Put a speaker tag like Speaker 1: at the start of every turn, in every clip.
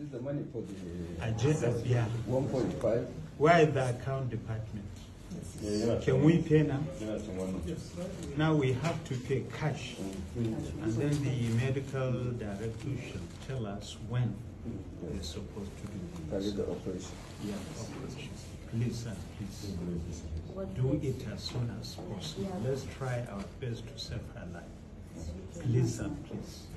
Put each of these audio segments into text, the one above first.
Speaker 1: is the money for the agenda. Yeah. 1.5. Where is the account department? Yes. Can we pay now? Now we have to pay cash. Mm-hmm. And then the medical director should tell us when yes. they're supposed to do this. the operation. Yeah, operation. Please, sir, please. Do it as soon as possible. Let's try our best to save her life. Please, sir, please.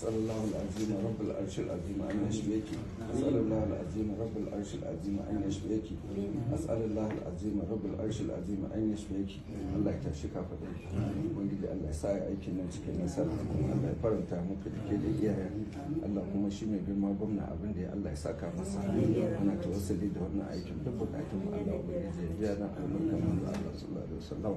Speaker 1: أسأل الله العظيم رب العرش العظيم أن يشفيك أسأل الله العظيم رب العرش العظيم أن يشفيك أسأل الله العظيم رب العرش العظيم أن يشفيك الله يكشفك فدك ubangiji Allah ya sa ya aikin nan cikin nasara Allah ya faranta muku da da iyaye Allah kuma shi mai girma gwamna abin da ya Allah ya saka masa ana tawassuli da wannan aikin duk bukatun Allah ubangiji ya biya da albarkan Allah sallallahu alaihi wasallam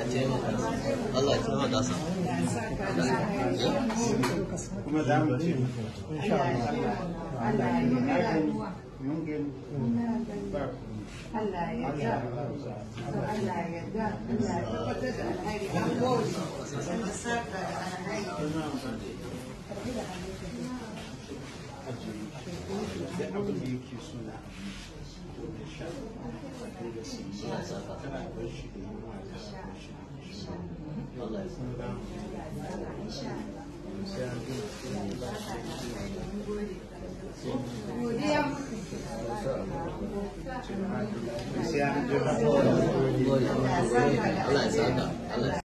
Speaker 1: الله يتمهد اصلا وما دام ان شاء الله يمكن ألا يدع ألا يدع ألا تدع هذه أمور المسافة على هاي Thank you. Allah ya sanar Allah ya sanar Allah ya